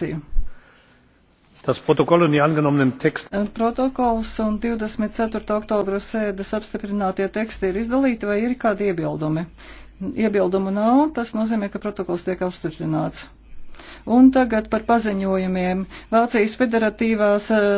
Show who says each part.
Speaker 1: reakciju.
Speaker 2: Tas protokoll un die angenommenen teksti.
Speaker 1: Protokols un 24. Eh, oktobra sēdes apstiprinātie teksti ir izdalīti vai ir kādi iebildumi? Iebildumu nav, tas nozīmē, ka protokols tiek apstiprināts. Un tagad par paziņojumiem. Vācijas federatīvās eh,